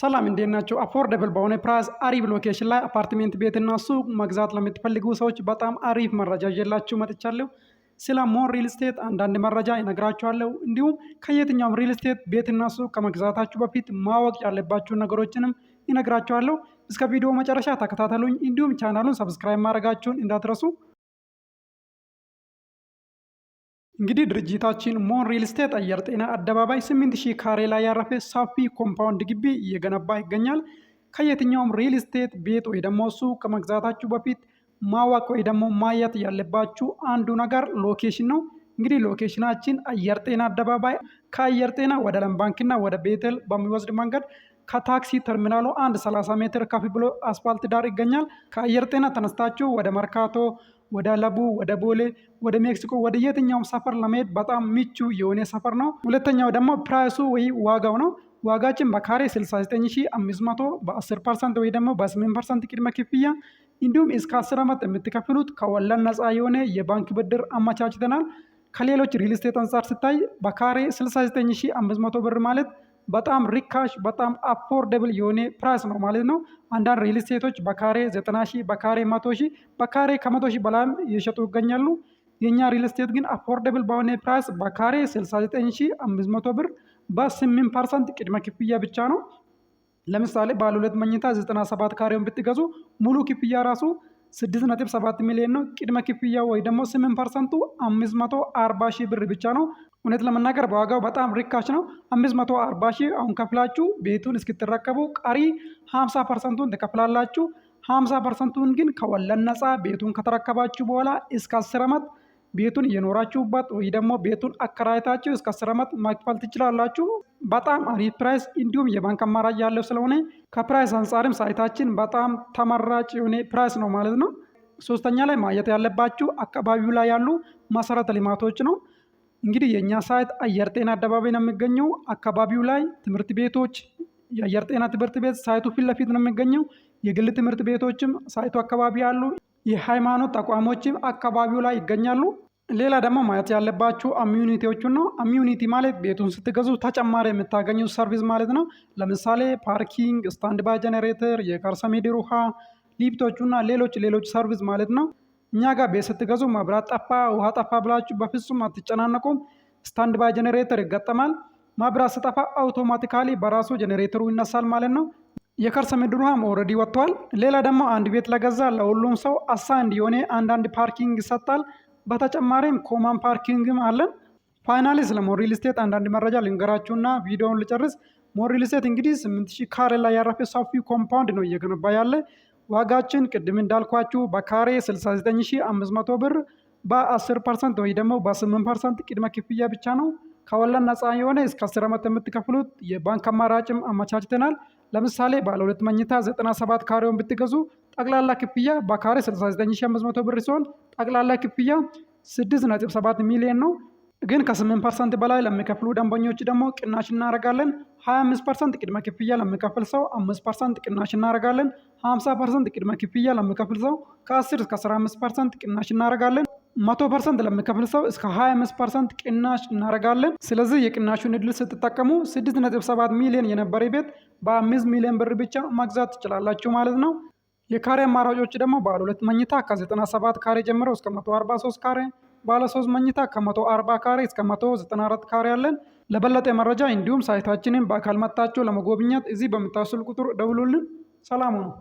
ሰላም እንዴት ናቸው? አፎርደብል በሆነ ፕራይስ አሪፍ ሎኬሽን ላይ አፓርትሜንት ቤትና ሱቅ መግዛት ለምትፈልጉ ሰዎች በጣም አሪፍ መረጃ ይዤላችሁ መጥቻለሁ። ስለ ሞር ሪል ስቴት አንዳንድ መረጃ ይነግራችኋለሁ። እንዲሁም ከየትኛውም ሪል ስቴት ቤትና ሱቅ ከመግዛታችሁ በፊት ማወቅ ያለባችሁ ነገሮችንም ይነግራችኋለሁ። እስከ ቪዲዮ መጨረሻ ተከታተሉኝ። እንዲሁም ቻናሉን ሰብስክራይብ ማድረጋችሁን እንዳትረሱ። እንግዲህ ድርጅታችን ሞን ሪል ስቴት አየር ጤና አደባባይ 8000 ካሬ ላይ ያረፈ ሰፊ ኮምፓውንድ ግቢ እየገነባ ይገኛል። ከየትኛውም ሪል ስቴት ቤት ወይ ደግሞ ሱቅ ከመግዛታችሁ በፊት ማወቅ ወይ ደግሞ ማየት ያለባችሁ አንዱ ነገር ሎኬሽን ነው። እንግዲህ ሎኬሽናችን አየር ጤና አደባባይ ከአየር ጤና ወደ ለም ባንክና ወደ ቤቴል በሚወስድ መንገድ ከታክሲ ተርሚናሉ አንድ 30 ሜትር ከፍ ብሎ አስፋልት ዳር ይገኛል። ከአየር ጤና ተነስታችሁ ወደ መርካቶ ወደ አላቡ ወደ ቦሌ፣ ወደ ሜክሲኮ፣ ወደ የትኛውም ሰፈር ለመሄድ በጣም ምቹ የሆነ ሰፈር ነው። ሁለተኛው ደግሞ ፕራይሱ ወይ ዋጋው ነው። ዋጋችን በካሬ 69500 በ10 ፐርሰንት ወይ ደግሞ በ8 ፐርሰንት ቅድመ ክፍያ እንዲሁም እስከ 10 ዓመት የምትከፍሉት ከወለድ ነፃ የሆነ የባንክ ብድር አመቻችተናል። ከሌሎች ሪል ስቴት አንጻር ስታይ በካሬ 69500 ብር ማለት በጣም ሪካሽ በጣም አፎርደብል የሆነ ፕራይስ ነው ማለት ነው። አንዳንድ ሪል ስቴቶች በካሬ ዘጠና ሺህ በካሬ መቶ ሺህ በካሬ ከመቶ ሺህ በላይም እየሸጡ ይገኛሉ። የእኛ ሪል ስቴት ግን አፎርደብል በሆነ ፕራይስ በካሬ 500 ብር በ8 ፐርሰንት ቅድመ ክፍያ ብቻ ነው። ለምሳሌ ባለ ሁለት መኝታ 97 ካሬውን ብትገዙ ሙሉ ክፍያ ራሱ ስድስት ነጥብ ሰባት ሚሊዮን ነው። ቅድመ ክፍያ ወይ ደግሞ ስምንት ፐርሰንቱ አምስት መቶ አርባ ሺህ ብር ብቻ ነው። እውነት ለመናገር በዋጋው በጣም ርካሽ ነው። አምስት መቶ አርባ ሺህ አሁን ከፍላችሁ ቤቱን እስክትረከቡ ቀሪ ሀምሳ ፐርሰንቱን ትከፍላላችሁ። ሀምሳ ፐርሰንቱን ግን ከወለድ ነፃ ቤቱን ከተረከባችሁ በኋላ እስከ አስር አመት ቤቱን እየኖራችሁበት ወይ ደግሞ ቤቱን አከራይታችሁ እስከ አስር ዓመት ማክፈል ትችላላችሁ። በጣም አሪፍ ፕራይስ እንዲሁም የባንክ አማራጭ ያለው ስለሆነ ከፕራይስ አንጻርም ሳይታችን በጣም ተመራጭ የሆነ ፕራይስ ነው ማለት ነው። ሶስተኛ ላይ ማየት ያለባችሁ አካባቢው ላይ ያሉ መሰረተ ልማቶች ነው። እንግዲህ የእኛ ሳይት አየር ጤና አደባባይ ነው የሚገኘው። አካባቢው ላይ ትምህርት ቤቶች፣ የአየር ጤና ትምህርት ቤት ሳይቱ ፊት ለፊት ነው የሚገኘው። የግል ትምህርት ቤቶችም ሳይቱ አካባቢ ያሉ የሃይማኖት ተቋሞችም አካባቢው ላይ ይገኛሉ። ሌላ ደግሞ ማየት ያለባችሁ አሚዩኒቲዎቹን ነው። አሚዩኒቲ ማለት ቤቱን ስትገዙ ተጨማሪ የምታገኙ ሰርቪስ ማለት ነው። ለምሳሌ ፓርኪንግ፣ ስታንድ ባይ ጀኔሬተር፣ የከርሰ ምድር ውሃ፣ ሊፍቶቹና ሌሎች ሌሎች ሰርቪስ ማለት ነው። እኛ ጋር ቤት ስትገዙ መብራት ጠፋ፣ ውሃ ጠፋ ብላችሁ በፍጹም አትጨናነቁም። ስታንድ ባይ ጀኔሬተር ይገጠማል። መብራት ስጠፋ አውቶማቲካሊ በራሱ ጀኔሬተሩ ይነሳል ማለት ነው። የከርሰ ምድር ውሃም ኦልሬዲ ወጥቷል። ሌላ ደግሞ አንድ ቤት ለገዛ ለሁሉም ሰው አሳ የሆነ አንዳንድ ፓርኪንግ ይሰጣል። በተጨማሪም ኮማን ፓርኪንግም አለን። ፋይናሊ ስለ ሞሪል ስቴት አንዳንድ መረጃ ልንገራችሁና ቪዲዮውን ልጨርስ። ሞሪል ስቴት እንግዲህ 8000 ካሬ ላይ ያረፈ ሰፊ ኮምፓውንድ ነው እየገነባ ያለ። ዋጋችን ቅድም እንዳልኳችሁ በካሬ 69500 ብር በ10 ፐርሰንት ወይ ደግሞ በ8 ፐርሰንት ቅድመ ክፍያ ብቻ ነው ከወለድ ነፃ የሆነ እስከ 10 ዓመት የምትከፍሉት የባንክ አማራጭም አመቻችተናል። ለምሳሌ ባለ ሁለት መኝታ 97 ካሬውን ብትገዙ ጠቅላላ ክፍያ በካሬ 69500 ብር ሲሆን ጠቅላላ ክፍያ 6.7 ሚሊዮን ነው። ግን ከ8 ፐርሰንት በላይ ለሚከፍሉ ደንበኞች ደግሞ ቅናሽ እናደርጋለን። 25 ፐርሰንት ቅድመ ክፍያ ለሚከፍል ሰው 5 ፐርሰንት ቅናሽ እናደርጋለን። 50 ፐርሰንት ቅድመ ክፍያ ለሚከፍል ሰው ከ10 እስከ 15 ፐርሰንት ቅናሽ እናደርጋለን። መቶ ፐርሰንት ለሚከፍል ሰው እስከ 25 ፐርሰንት ቅናሽ እናደርጋለን። ስለዚህ የቅናሹን እድል ስትጠቀሙ 6.7 ሚሊዮን የነበረ ቤት በ5 ሚሊዮን ብር ብቻ መግዛት ትችላላችሁ ማለት ነው። የካሬ አማራጮች ደግሞ ባለ ሁለት መኝታ ከ97 ካሬ ጀምሮ እስከ 143 ካሬ፣ ባለ ሶስት መኝታ ከ140 ካሬ እስከ 194 ካሬ አለን። ለበለጠ መረጃ እንዲሁም ሳይታችንን በአካል መጥታችሁ ለመጎብኘት እዚህ በምታስል ቁጥር ደውሉልን። ሰላሙ ነው።